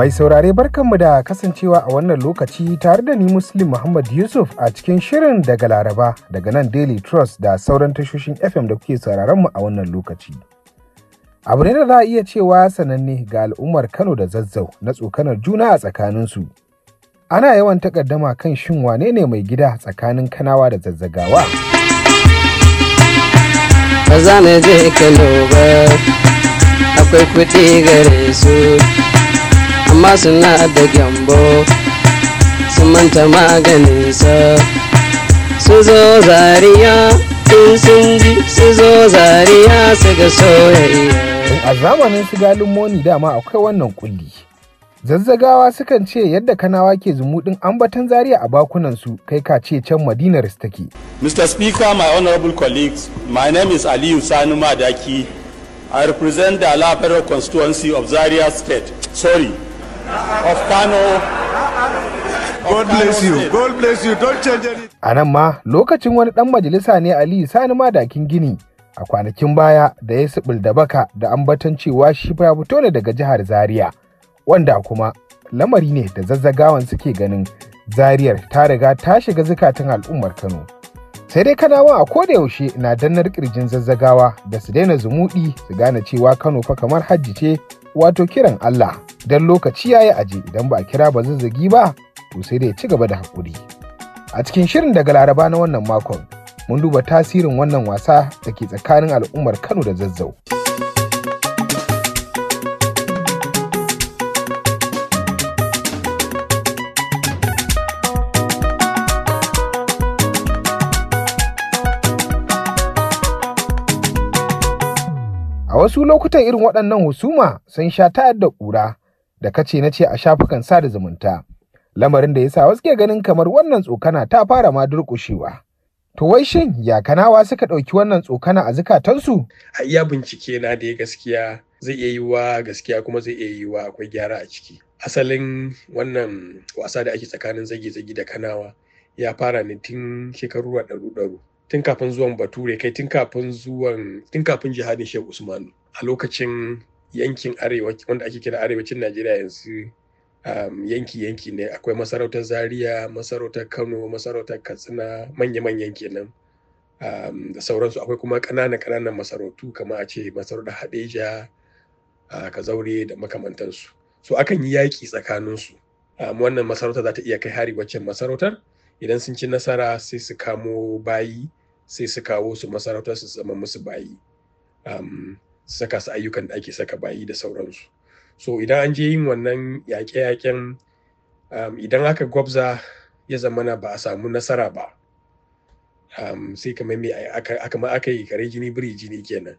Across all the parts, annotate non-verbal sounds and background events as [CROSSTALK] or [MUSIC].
Mai saurare barkanmu da kasancewa a wannan lokaci tare da ni Muslim Muhammad Yusuf a cikin shirin daga Laraba daga nan Daily Trust da sauran tashoshin FM da kuke mu a wannan lokaci. Abu ne da za a iya cewa sananne ga al'ummar Kano da Zazzau na tsokanar juna a tsakaninsu. Ana yawan takaddama kan shin wane ne mai gida tsakanin Kanawa da Zazzagawa. Ba za je Kano ba, akwai kuɗi gare su. amma suna da gyambo sun manta maganinsa su zo zariya in sun ji su zo zariya su ga soyayya a zamanin su galin moni dama akwai wannan kulli zazzagawa sukan ce yadda kanawa ke zumuɗin ambatan zaria a su, kai ka ce can madinar su take. mr speaker my honorable colleagues my name is aliyu sani madaki i represent the ala constituency of zaria state sorry of Kano. God bless you. God bless you. Don't change anything. A nan ma lokacin wani ɗan majalisa ne Aliyu Sani Madakin Gini a kwanakin baya da ya siɓil da baka da ambaton cewa shi fa ya fito ne daga jihar Zaria wanda kuma lamari ne da zazzagawan suke ganin Zariyar ta riga ta shiga zukatan al'ummar Kano. Sai dai kanawa a koda yaushe na dannar kirjin zazzagawa da su daina zumuɗi su gane cewa Kano fa kamar hajji ce wato kiran Allah. Idan lokaci ya yi aje idan ba a kira ba zazzagi ba to sai dai ci gaba da haƙuri a cikin shirin daga laraba na wannan makon mun duba tasirin wannan wasa da ke tsakanin al'ummar kano da zazzau a wasu lokutan irin waɗannan husuma sun sha tayar da ƙura da kace na ce a shafukan sada zumunta lamarin da yasa sa wasu ke ganin kamar wannan tsokana ta fara ma durƙushewa. To wai shin ya kanawa suka ɗauki wannan tsokana a su? A iya bincike na da gaskiya zai iya yi wa gaskiya kuma zai iya yi wa akwai gyara a ciki. Asalin wannan wasa da ake tsakanin zage-zage da kanawa ya fara ne tun shekaru a ɗaru-ɗaru. Tun kafin zuwan Bature kai tun kafin zuwan tun kafin jihadin Shehu usman A lokacin yankin arewa wanda ake kira arewacin najeriya yanzu yanki-yanki um, ne akwai masarautar zaria masarautar kano masarautar katsina manya-manyan kenan um, da sauransu akwai kuma kananan kananan masarautu kamar a ce masarautar hadeja kazaure da makamantansu so akan yi yaƙi tsakaninsu su um, wannan masarautar za ta iya kai hari waccan masarautar idan sun ci nasara sai su kamo bayi sai su kawo su masarautar su zama musu bayi saka su ayyukan da ake saka bayi da sauransu so idan an je yin wannan yaƙe-yaƙen um, idan aka gwabza ya zamana ba a samu nasara ba um, sai kamar mai aka ma aka yi kare jini biri jini kenan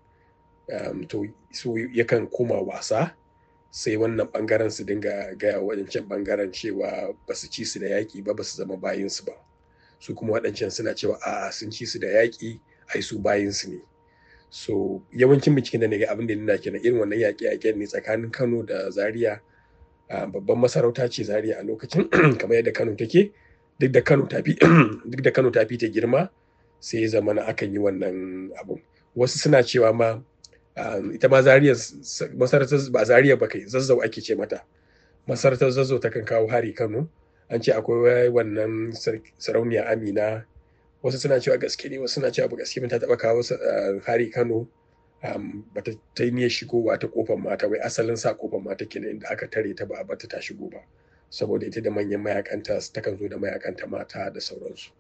um, to so yakan koma wasa sai wannan bangaren su dinga gaya wadancan bangaren cewa ba su ci su da yaƙi ba ba su zama bayinsu ba su kuma waɗancan suna cewa a'a sun ci su da yaƙi ai su bayinsu ne so yawancin binciken da na ga abin da nuna kenan irin wannan yaƙe-yaƙe ne tsakanin kano da zaria babban masarauta ce zaria a lokacin [CLEARS THROAT] kamar yadda kano take duk da kano tafi [CLEARS THROAT] duk ta girma sai zama na akan yi wannan abu. wasu suna cewa ma ita ma zaria masarautar ba zaria ba kai zazzau ake ce mata masarautar zazzau ta kan kawo hari kano an ce akwai wannan sarauniya amina wasu suna cewa gaske ne wasu suna cewa ba gaske ta taɓa kawo eh, hari kano um, ba ta yi niyyar shigowa ta kofar mata wai asalin sa kofar mata kenan inda aka tare ta ba a bata ta shigo ba saboda ita da manyan mayakanta takan zo da mayakanta mata da sauransu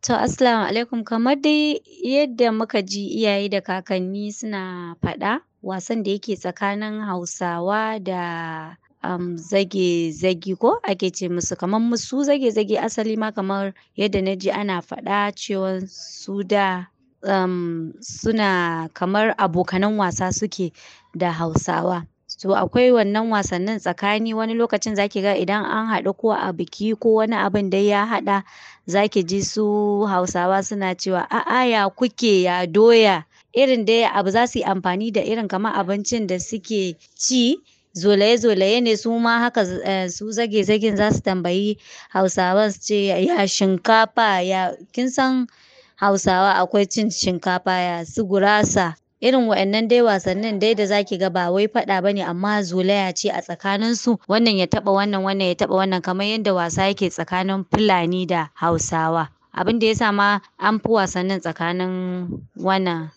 To Assalamu alaikum kamar dai yadda muka ji iyaye da kakanni suna faɗa wasan da yake tsakanin Hausawa da um, zage-zage ko ake ce musu kamar musu zage-zage asali ma kamar yadda na ji ana faɗa cewa su da um, suna kamar abokanan wasa suke da hausawa to akwai wannan wasannin tsakani wani lokacin zaki ga idan an haɗu ko a biki ko wani abin da ya haɗa zaki ji su hausawa suna cewa a'a ya kuke ya doya irin dai abu za su yi amfani da irin kamar abincin da suke ci zolaye-zolaye ne su ma haka eh, su zage-zagen za su tambayi Hausawa su ce ya shinkafa ya kin san hausawa akwai cin shinkafa ya su gurasa irin wa'annan dai wasannin dai da zaki ga ba wai faɗa ba ne amma zolaya ce a tsakanin su wannan ya taɓa wannan wannan ya taɓa wannan kamar yadda wasa yake tsakanin fulani da hausawa abin da ya sa ma an fi wasannin tsakanin wannan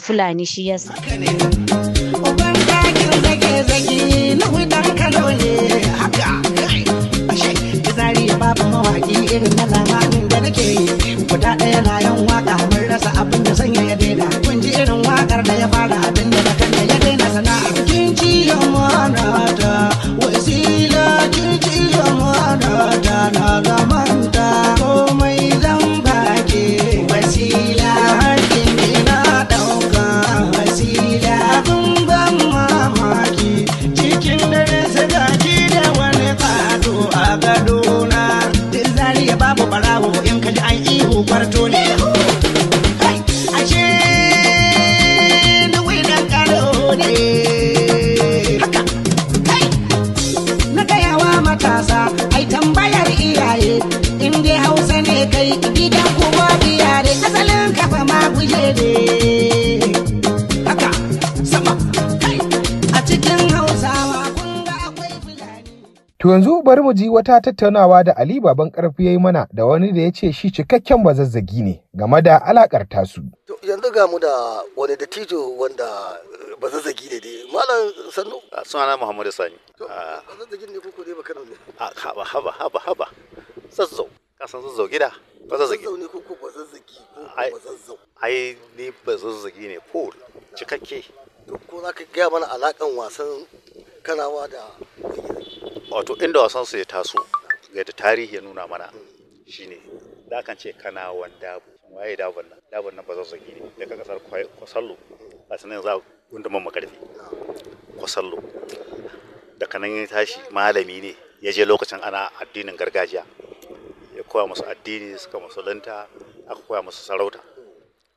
fulani shi yasa zagi na dan kano ne haka ashe kizari ya babu mawaki irin na zamanin da nake yi guda ɗaya na yan waka mun rasa abin da sanya ya daina kun ji irin wakar da ya fara abin da kan da ya daina sana'ar kin ci yamma na ta wasila kin ci yamma na ta na zama To yanzu bari mu ji wata tattaunawa da Ali Baban Karfi ya yi mana da wani da ya ce shi cikakken bazazzagi ne game da alakar tasu. Yanzu ga mu da wani dattijo wanda eh, bazazzagi ne dai. Malam Sannu. Ah, sunana Muhammadu Sani. Ah. Bazazzagi ne koko dai bakano ne. Ah, haba haba haba haba. Zazzau. Kasan zazzau gida. Bazazzagi. Zazzau ne koko bazazzagi ko bazazzau. Ai ni bazazzagi ne ko cikakke. Ko za ka gaya mana alakan wasan kanawa da wato inda wasan su ya taso ga da tarihi ya nuna mana shine da kan ce kana wanda waye dabon nan dabon nan ba zan ne daga kasar kwasallo a sanin za gunduman makarfi kwasallo da kanan ya tashi malami ne ya je lokacin ana addinin gargajiya ya koya musu addini suka musulunta aka koya musu sarauta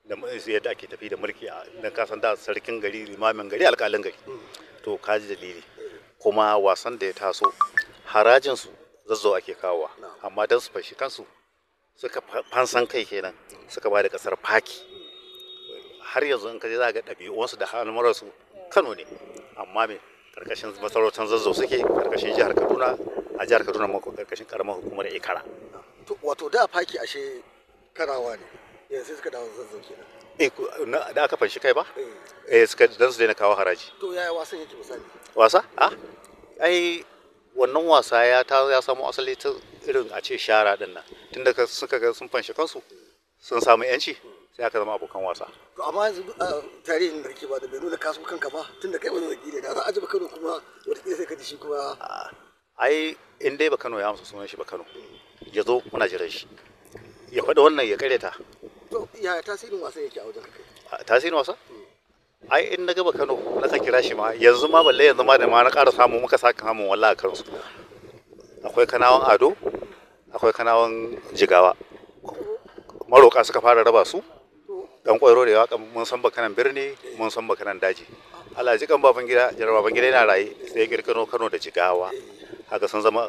da yadda ake tafi da mulki a kasan da sarkin gari limamin gari alƙalin gari to kaji dalili kuma wasan da ya taso harajin su zazzau ake kawowa amma don su fashi kansu suka fansan kai kenan suka ba da kasar faki har yanzu in ka je za ga ɗabi'unsu da halmararsu kano ne amma me karkashin masarautar zazzau suke karkashin jihar kaduna a jihar kaduna mako karkashin karamar hukumar ikara wato da faki ashe karawa ne yanzu eh, suka dawo zazzau kenan eh, da aka fanshi kai ba eh, eh suka dan su daina kawo haraji to yaya wasan yake misali wasa a ah. ah. ai wannan wasa ya ta ya samu asali ta irin a ce shara din nan tunda suka ga sun fanshi kansu sun samu yanci sai aka zama abokan wasa to amma yanzu ah, tarihin barki ba da bai nuna kasu kanka ba tunda kai wani wakili da za a ji bakano kuma wata sai ka dishi kuma ai in dai bakano ya amsa sunan shi bakano ya zo muna jiran shi ya faɗi wannan ya kareta to ya tasirin wasa yake a wajen kai tasirin wasa ai in na gaba Kano na ka kira shi ma yanzu ma balle yanzu ma da ma na ƙara samu muka saka samun wallahi kan su akwai kanawan ado akwai kanawan jigawa maroka suka fara raba su dan kwairo da yawa mun san bakanan birni mun san bakanan daji Allah ji kan baban gida jarabar baban gida yana raye sai ya kirkiro Kano da jigawa haka sun zama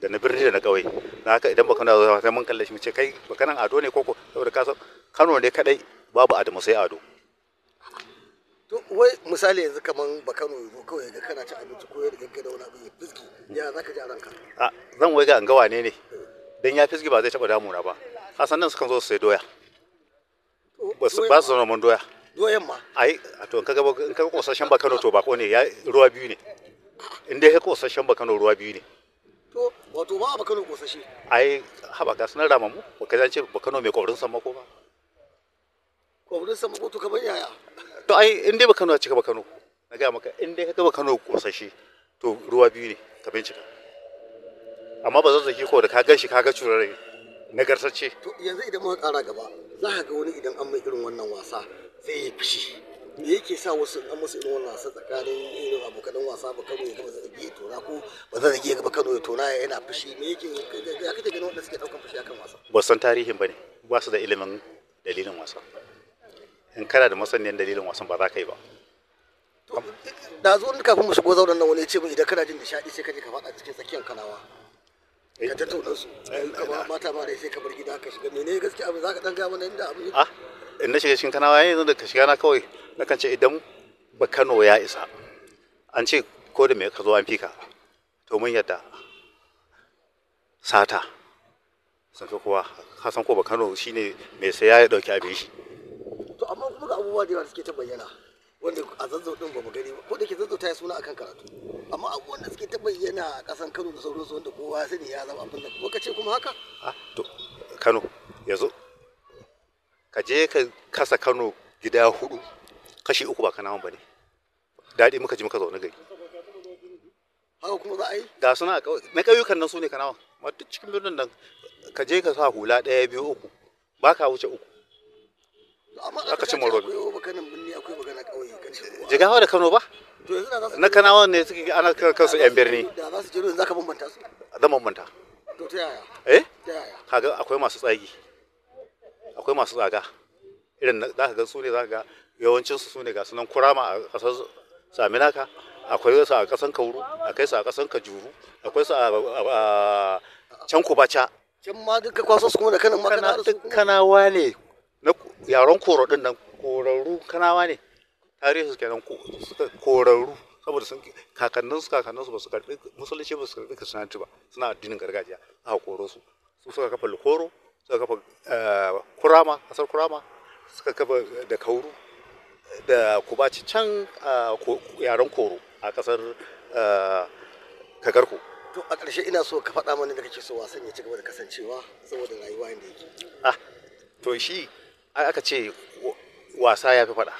da na birni da na kauye na haka idan bakanan da sai mun kalle shi mu ce kai bakanan ado ne koko saboda ka san Kano ne kadai babu adamu sai ado to wai misali yanzu kaman ba Kano ya zo kawai ga kana ci abinci ko ya rigar da wani abu ya fiski ya za ka ji a ranka a zan wai ga an gawa ne ne don ya fiski ba zai taba damuna ba hasan nan sukan zo su sai doya ba su ba su doya doyan ma ai a to in kaga in kaga kosashen ba Kano to bako ne ya ruwa biyu ne in dai kosashen ba Kano ruwa biyu ne to wato ba ba Kano kosashe ai haba ga sunan ramamu ba ka zance ba Kano mai kwabrin sammako ba kwabrin sammako to kamar yaya to ai in dai ba Kano a cika ba Kano na ga maka in dai ka ga ba Kano kosashe to ruwa biyu ne ka bincika amma ba zan zaki ko da ka gan shi ka ga curare nagartacce to yanzu idan muka kara gaba za ka ga wani idan an mai irin wannan wasa sai ya fishi me yake sa wasu an musu irin wannan wasa tsakanin irin abokan wasa ba Kano ya ga zazzaki ya tona ko ba zan zaki ga Kano ya tona yana fishi me yake ya kake ganin wanda suke daukan fishi akan wasa ba san tarihin bane ba su da ilimin dalilin wasa in kana da masaniyan dalilin wasan ba za ka yi ba da zo ni kafin mu shigo zauren nan wani ce mun idan kana jin nishadi sai ka je ka faɗa cikin tsakiyar kanawa eh. ka tattauna su eh, Ka ba mata ba da sai ka bar gida ka shiga mene gaskiya abin za ka ɗan gaya mana inda abin ah in na shiga cikin kanawa yanzu da ka shiga na kawai na kan ce idan ba Kano ya isa an ce ko da me ka zo an fi ka. to mun yadda sata san kuwa, ka san ko ba Kano shi ne mai sai ya ɗauki abin shi kuma abubuwa da yawa da suke ta bayyana wanda a zazzau din ba mu gani ba ko da ke zazzau ta yi suna akan karatu amma abubuwan da suke ta bayyana a kasan Kano da sauransu wanda kowa sani ya zama abin da kuma kace kuma haka a ah, to Kano yanzu ka je ka kasa Kano gida hudu kashi uku ba kanawan bane daɗi muka ji muka zaune gari haka kuma za a yi ga suna a kawai na ƙauyukan nan su ne kanawan ma duk cikin birnin nan ka je ka sa hula ɗaya biyu uku ba ka wuce uku aka da kano ba na ne suke ana kansu yan birni bambanta eh kaga akwai masu tsagi akwai masu tsaga irin za ka ga su ne za ka ga yawancin su ne ga sunan kurama a kasar saminaka akwai su a kasan kauru akwai su a kasan kajuru akwai su a can kubaca can ma duka kwaso su kuma da kanan kana ne Yaron koro din nan korarru kanawa ne tarihi suke nan korarru saboda sun kakannin su kakannin su ba su karbi musulunci ba su karbi kristanci ba suna addinin gargajiya a koro su su suka kafa likoro suka kafa eh, kurama kasar kurama suka kafa eh, da kauru da kubaci can yaron koro a kasar eh, kagarko to a ƙarshe ina so ka faɗa mana da kake so wasan ya ci gaba da kasancewa saboda rayuwa inda yake ah to shi aka ce wasa ya fi faɗa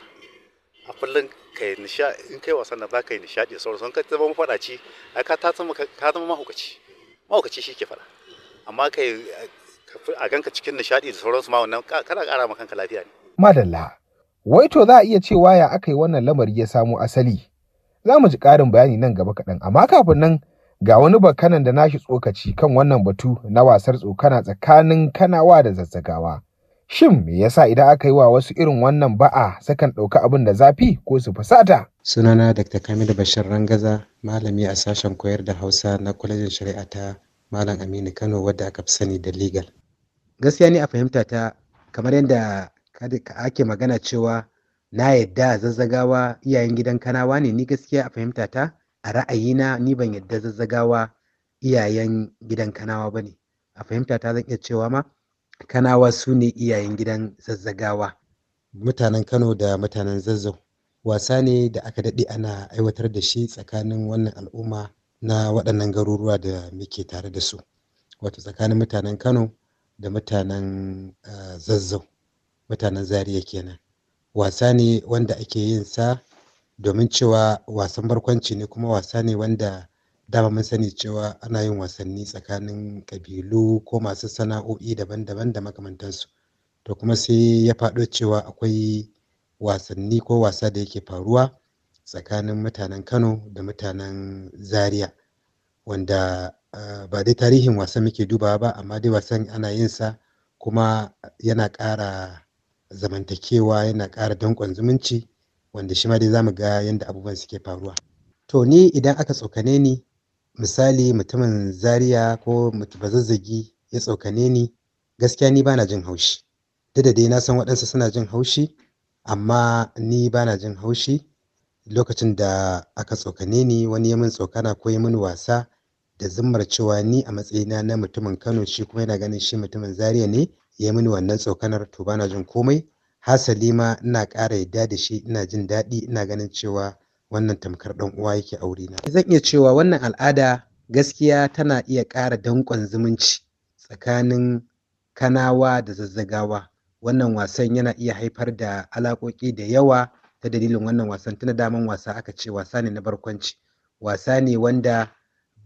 a kullum kai nisha in kai wasan nan za ka yi nishaɗi da sauransu ka zama mafaɗaci a ka ta zama ka zama mahaukaci mahaukaci shi ke faɗa amma kai a ganka cikin nishaɗi da sauransu ma wannan kana ƙara ma kanka lafiya ne. madalla wai to za a iya cewa ya aka yi wannan lamari ya samo asali za mu ji ƙarin bayani nan gaba kaɗan amma kafin nan ga wani bakanan da nashi tsokaci kan wannan batu na wasar tsokana tsakanin kanawa da zazzagawa Shin me yasa idan aka yi wa wasu irin wannan ba'a sakan ɗauki abin da zafi ko su fusata? Sunana Dr. Kamilu Bashir Rangaza, malami a sashen koyar da Hausa na kwalejin shari'a ta Malam Aminu Kano wadda aka fi sani da legal. Gaskiya ne a fahimta ta kamar yadda ake magana cewa na yadda zazzagawa iyayen gidan kanawa ne ni gaskiya a fahimta ta a ra'ayina ni ban yadda zazzagawa iyayen gidan kanawa ba ne. A fahimta ta zan iya cewa ma kanawa su ne iyayen gidan zazzagawa mutanen kano da mutanen zazzau wasa ne da aka daɗe ana aiwatar da shi tsakanin wannan al'umma na waɗannan garuruwa da muke tare da su wato tsakanin mutanen kano da mutanen eh, zazzau mutanen Zariya kenan wasa ne wanda ake yin sa domin cewa wasan barkwanci ne kuma wasa ne wanda dama mun sani cewa ana yin wasanni tsakanin ƙabilu ko masu sana'o'i daban-daban da makamantansu to kuma sai ya faɗo cewa akwai wasanni ko wasa da yake faruwa tsakanin mutanen kano da mutanen zaria wanda eh, ba dai tarihin wasan muke dubawa ba amma dai wasan ana yin sa kuma yana ƙara zamantakewa yana ƙara danƙon zumunci wanda shi ma dai za mu ga yadda abubuwan suke faruwa to ni idan aka tsokane ni misali mutumin zariya ko bazazzagi ya tsokane ni gaskiya ni bana jin haushi duk da dai na san waɗansu suna jin haushi amma ni bana jin haushi lokacin da aka tsokane ni wani ya min tsokana ko ya min wasa da zimmar cewa ni a matsayina na mutumin kano shi kuma yana ganin shi mutumin zariya ne ya min wannan tsokanar to bana jin komai hasali ma ina ƙara yadda da shi ina jin daɗi ina ganin cewa wannan tamkar ɗan uwa yake aure na zan iya cewa wannan al'ada gaskiya tana iya ƙara danƙon zumunci tsakanin kanawa da zazzagawa wannan wasan yana iya haifar da alaƙoƙi da yawa ta dalilin wannan wasan tuna daman wasa aka ce wasa ne na barkwanci wasa ne wanda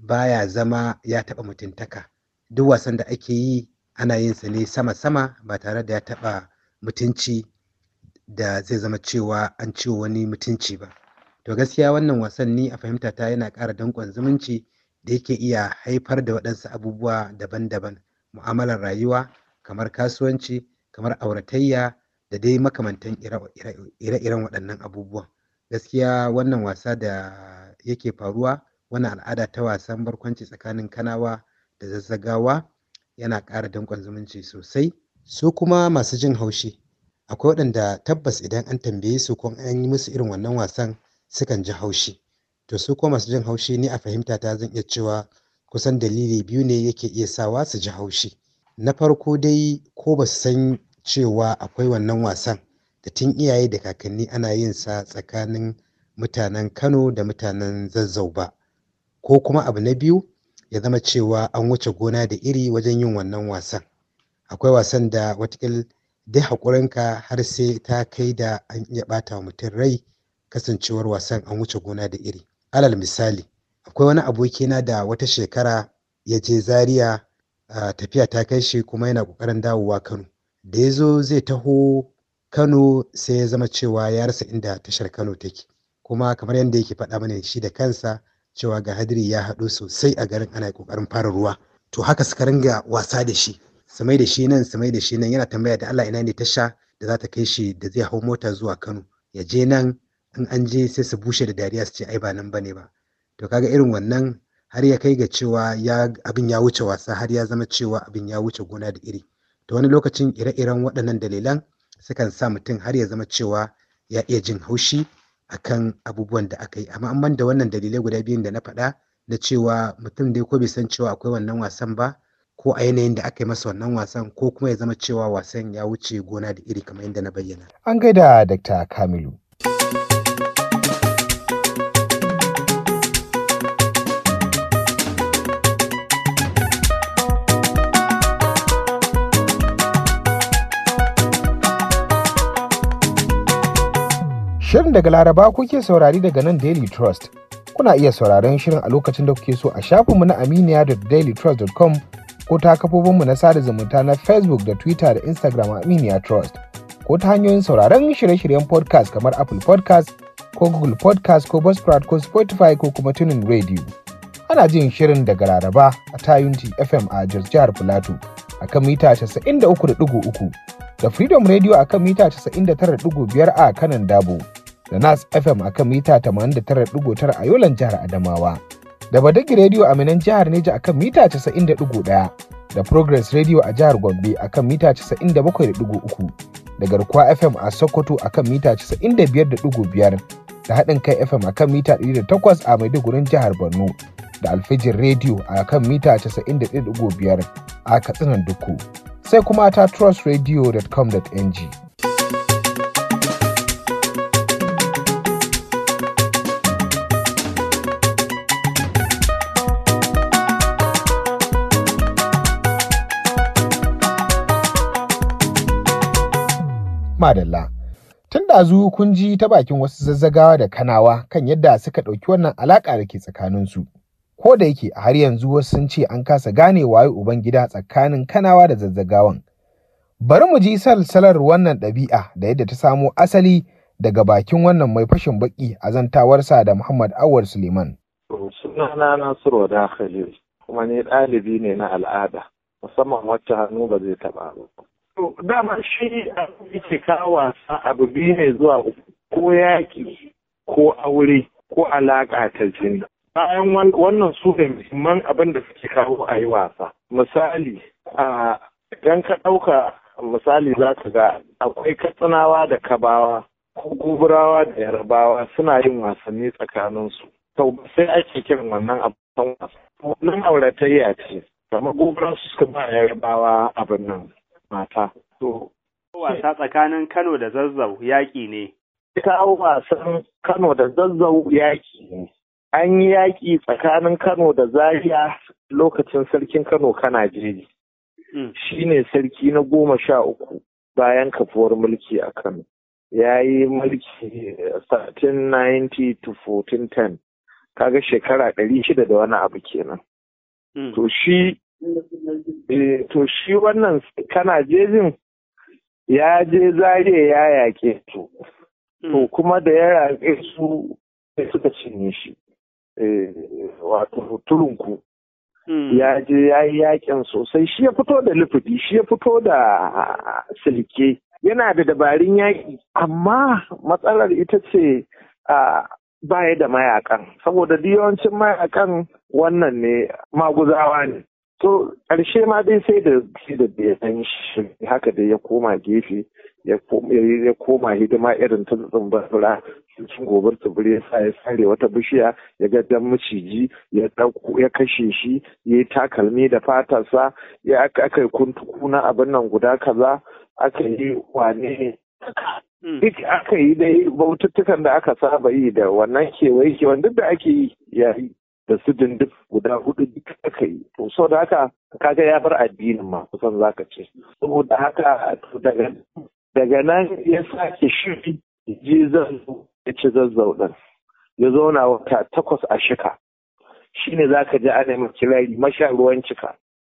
baya zama ya taɓa mutuntaka duk wasan da ake yi ana yin sa ne sama-sama ba tare da ya taɓa mutunci da zai zama cewa an ciwo wani mutunci ba to gaskiya wannan wasan ni a fahimta ta yana ƙara danƙon zumunci da yake iya haifar da waɗansu abubuwa daban-daban mu'amalar rayuwa kamar kasuwanci kamar auratayya da dai makamantan ire-iren waɗannan abubuwan gaskiya wannan wasa da yake faruwa wannan al'ada ta wasan barkwanci tsakanin kanawa da zazzagawa yana ƙara danƙon zumunci sosai su kuma masu jin haushi akwai waɗanda tabbas idan an tambaye su ko an yi musu irin wannan wasan sukan ji haushi to su ko masu jin haushi ni a fahimta ta zan iya cewa kusan dalili biyu ne yake iya sawa su ji haushi na farko dai ko ba su san cewa akwai wannan wasan da tun iyaye da kakanni ana yin sa tsakanin mutanen kano da mutanen zazzau ba ko kuma abu na biyu ya zama cewa an wuce gona da iri wajen yin wannan wasan akwai wasan da watakil dai haƙurinka har sai ta kai da an iya ɓata wa mutum rai kasancewar wasan an wuce gona da iri alal misali akwai wani abokina da wata shekara ya je zaria tafiya ta kai shi kuma yana kokarin dawowa kano da ya zo zai taho kano sai ya zama cewa ya rasa inda tashar kano take kuma kamar yadda yake faɗa mana shi da kansa cewa ga hadiri ya haɗu sosai a garin ana kokarin fara ruwa to haka suka ringa wasa da shi samai da shi nan samai da shi nan yana tambaya da allah ina ne tasha da za ta kai shi da zai hau mota zuwa kano ya je nan in an je sai su bushe da dariya su ce ai ba nan bane ba to kaga irin wannan har ya kai ga cewa ya abin ya wuce wasa har ya zama cewa abin ya wuce gona da iri to wani lokacin ire-iren waɗannan dalilan sukan sa mutum har ya zama cewa ya iya jin haushi akan abubuwan da aka yi amma an ban da wannan dalilai guda biyun da na faɗa na cewa mutum dai ko bai san cewa akwai wannan wasan ba ko a yanayin da aka yi masa wannan wasan ko kuma ya zama cewa wasan ya wuce gona da iri kamar yadda na bayyana an gaida dr kamilu Shirin daga Laraba kuke saurari daga nan Daily Trust. Kuna iya sauraron shirin a lokacin da kuke so a shafinmu na aminiya.dailytrust.com ko ta kafofinmu na sada zumunta na Facebook da Twitter da Instagram a Aminiya Trust. Ko ta hanyoyin sauraron shirye-shiryen podcast kamar Apple Podcast ko Google Podcast ko Buzzsprout ko Spotify ko kuma Tunin Radio. Ana jin shirin daga Laraba a Tayunti FM a jihar Filato a kan mita 93.3 da Freedom Radio a kan mita 99.5 a kanan Dabo. da nas fm akan mita 89.9 a yolan jihar adamawa da badagi radio a minan jihar neja akan mita 91.1 da progress radio a jihar gombe akan mita 97.3 da garkuwa fm a sokoto akan mita 95.5 da haɗin kai fm akan mita 108 a maidugurin jihar borno da alfijin radio a kan mita 91.5 a katsinan duku sai kuma ta trustradio.com.ng madalla. Tun zu kun ji ta bakin wasu zazzagawa da kanawa kan yadda suka ɗauki wannan alaƙa da ke tsakaninsu. Ko da yake a har yanzu wasu sun ce an kasa gane waye uban gida tsakanin kanawa da zazzagawan. Bari mu ji salsalar wannan ɗabi'a da yadda ta samo asali daga bakin wannan mai fashin baki a zantawarsa da Muhammad Awar Suleiman. Sunana Nasiru da Khalil kuma ni ɗalibi ne na al'ada musamman wacce hannu ba zai taɓa ba. To dama shi a yake kawo wasa abu biyu ne zuwa ko yaƙi ko aure ko alaƙa ta jini. Bayan wannan su ne muhimman abin da suke kawo a yi wasa. Misali, idan ka ɗauka misali za ka ga akwai katsinawa da kabawa ko guburawa da yarabawa suna yin wasanni tsakaninsu. Sau sai ake kiran wannan abin wasa. Wannan auratayya ce, kamar guburansu suka ba yarabawa abin nan. mata. To, wasa tsakanin Kano da Zazzau yaƙi ne. Ita wasan Kano da Zazzau yaƙi ne. An yi yaƙi tsakanin Kano da Zaria lokacin sarkin Kano kana jeji. Mm. Shi ne sarki na goma sha uku bayan kafuwar mulki a Kano. Ya yi mulki 1390 to 1410, kaga shekara ɗari shida da wani abu kenan. Mm. To shi Eh, to shi wannan kana jejin ya je zage ya yaƙe to. To hmm. kuma da ya rage su sai suka cinye shi. Eh, wato turunku. Hmm. Ya je ya yi yaƙin sosai shi ya fito da lufudi shi ya fito da silke. Yana da dabarun yaƙi amma matsalar ita ce a baya da mayakan saboda yawancin mayakan wannan ne maguzawa ne. to ƙarshe ma dai sai da sai da ya san shi haka dai ya koma gefe ya koma hidima irin ta tsumbura cikin gobar tsibiri ya sa ya sare wata bishiya ya ga dan maciji ya ya kashe shi ya yi takalmi da fatarsa ya aka yi kuntukuna abin nan guda kaza aka yi wane hmm. duk aka yi dai baututtukan da aka saba yi da wannan kewaye kewan duk da ake yi ya yi da su dindif guda hudu duk aka yi to so da haka kaga ya bar addinin ma kusan zaka ce saboda haka daga daga nan ya sake shiri ji zazzau ya ci zazzau ɗin. ya zauna wata takwas a shika shine zaka ji ana mai kirari masha ruwan cika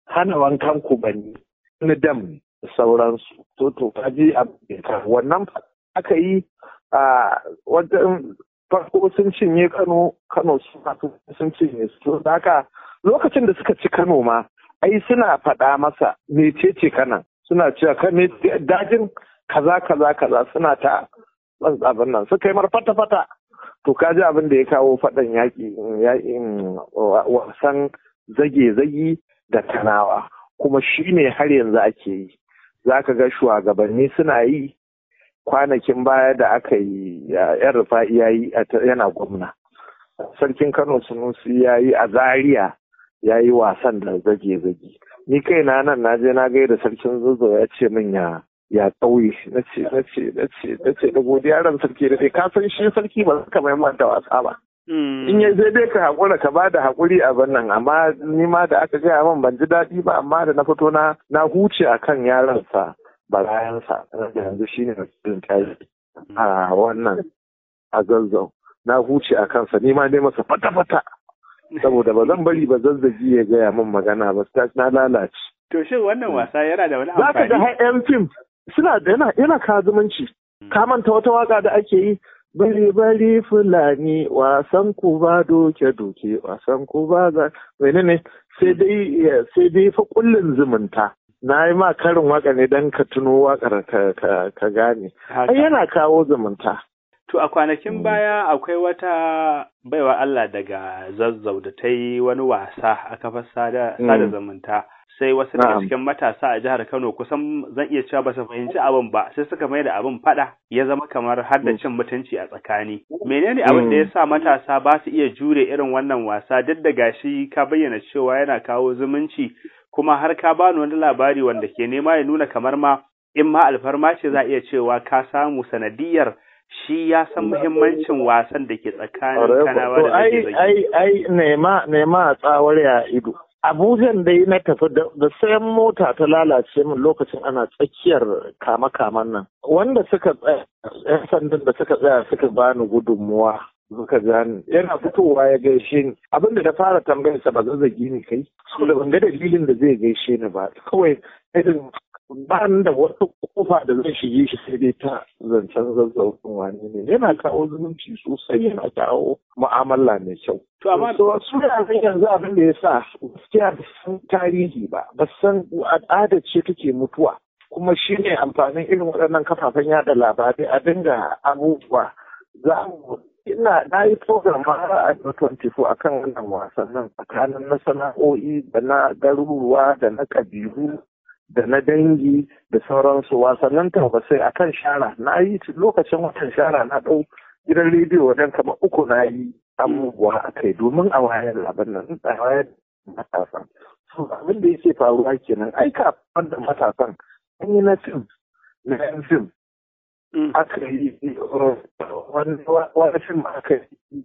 hana wankan ku kubanni na dam da sauransu to to kaji a wannan aka yi a wajen farko sun cinye kano kano sun cinye su haka lokacin da suka ci kano ma ai suna faɗa masa mecece kanan suna cewa kan dajin kaza kaza kaza suna ta abin nan suka yi fata fata to ka ji abin da ya kawo faɗan yaƙi, yaƙin wasan zage zagi da tanawa kuma shi ne har yanzu ake yi za ka ga shugabanni suna yi kwanakin baya da aka yi yan rufa ya yi yana gwamna sarkin kano sunusi ya yi a zaria ya yi wasan da zage-zage ni kai na nan na je na gaida sarkin zuzo ya ce min ya ya tsauye na ce na ce na ce na ce da ran sarki da ka san shi sarki ba ka mai wasa ba hmm. in ya zai dai ka haƙura ka bada haƙuri a bannan amma ni ma da aka gaya min ban ji daɗi ba amma da na fito na na huce akan yaransa barayansa yanzu shi ne mutum kai mm. a wannan a zanzan na huce a kansa ni ma dai masa fata-fata saboda ba zan bari ba zazzagi ya gaya min magana ba na lalace to shin wannan mm. wasa yana da wani amfani zaka ga har fim suna da yana yana kazumanci zumunci mm. ka manta wata waka da ake yi bari bari fulani wasan ku ba doke doke wasan ku ba za menene sai dai sai dai fa kullun zumunta na yi ma karin waka ne don ka tuno wakar ka gane ai yana kawo zumunta to a kwanakin mm. baya akwai wata baiwa Allah daga zazzau da ta yi wani wasa a kafar sada mm. zumunta sai wasu daga cikin matasa a jihar Kano kusan zan iya cewa ba su fahimci abin ba sai suka mai da abin fada ya zama kamar har da mm. cin mutunci a tsakani menene abin da ya sa matasa ba su iya jure irin wannan wasa duk da gashi ka bayyana cewa yana kawo zumunci kuma har ka bani wani labari wanda ke nema ya nuna kamar ma in ma alfarma ce za a iya cewa ka samu sanadiyar shi ya san muhimmancin wasan da ke tsakanin kanawa da zage ai ai nema nema a tsawar ya ido da dai na tafi da sayan mota ta lalace min lokacin ana tsakiyar kama kaman nan wanda suka tsaya yan sandan da suka tsaya suka bani gudunmuwa Zuka zani. yana fitowa ya gaishe ni Abin da fara tambayar sa ba zazzagi ne kai so da ban ga dalilin da zai gaishe ni ba kawai irin ba da wata kofa da zai shige shi sai dai ta zancen zazzaukin wani ne yana kawo zumunci sosai yana kawo mu'amala mai kyau to amma da wasu yanzu yanzu abin da ya sa gaskiya ba san tarihi ba ba san al'ada ce take mutuwa kuma shi ne amfanin irin waɗannan kafafen yada labarai a dinga abubuwa za mu ina na yi program a 24 akan wannan wasannin tsakanin na sana'o'i da na garuruwa da na ƙabilu da na dangi da sauransu wasannin a kan shara na yi lokacin watan shara na ɗau gidan rediyo wajen kama uku na yi abubuwa a kai domin a wayar labarin nan a wayar matasan so abin da yake faruwa kenan aika kafin matasan an yi na fim na yan fim Mm. aka yi wani fim aka yi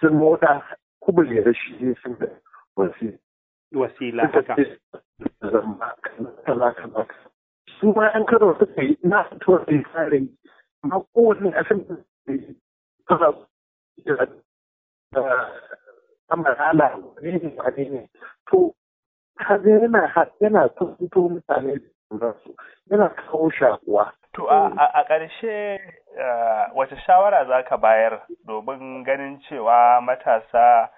sun sun da wasila haka su ma an karo suka yi na fito da tsarin amma kowane ne ne to kaga yana yana son mutane ransu yana kawo shakuwa. To a ƙarshe wace shawara za ka bayar domin ganin cewa matasa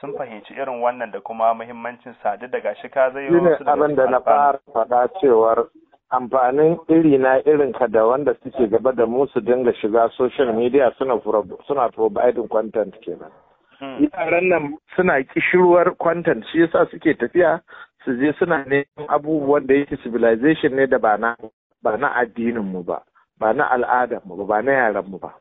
sun fahimci irin wannan da kuma muhimmancin sadu daga shi ka zai yi abin da na fara faɗa cewar amfanin iri na irin ka da wanda suke gaba da mu su dinga shiga social media suna suna providing content kenan. Hmm. yaran nan suna kishirwar content shi yasa suke tafiya su je suna neman abubuwan da yake civilization ne da ba na ba addinin ba ba na al'adarmu ba ba na yaranmu ba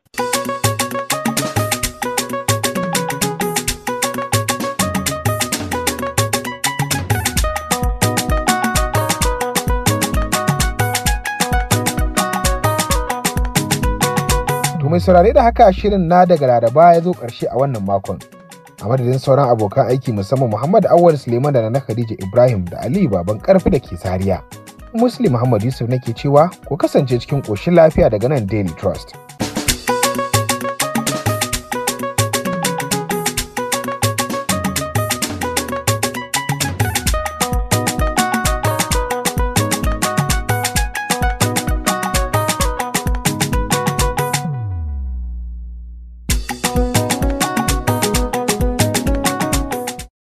mai saurare da haka shirin na daga laraba ya zo ƙarshe a wannan makon a madadin sauran abokan aiki musamman Muhammad Awar Suleiman da na Khadija Ibrahim da Aliyu Baban Karfi da ke Zaria. Muslim Muhammad Yusuf nake cewa ku kasance cikin ƙoshin lafiya daga nan Daily Trust.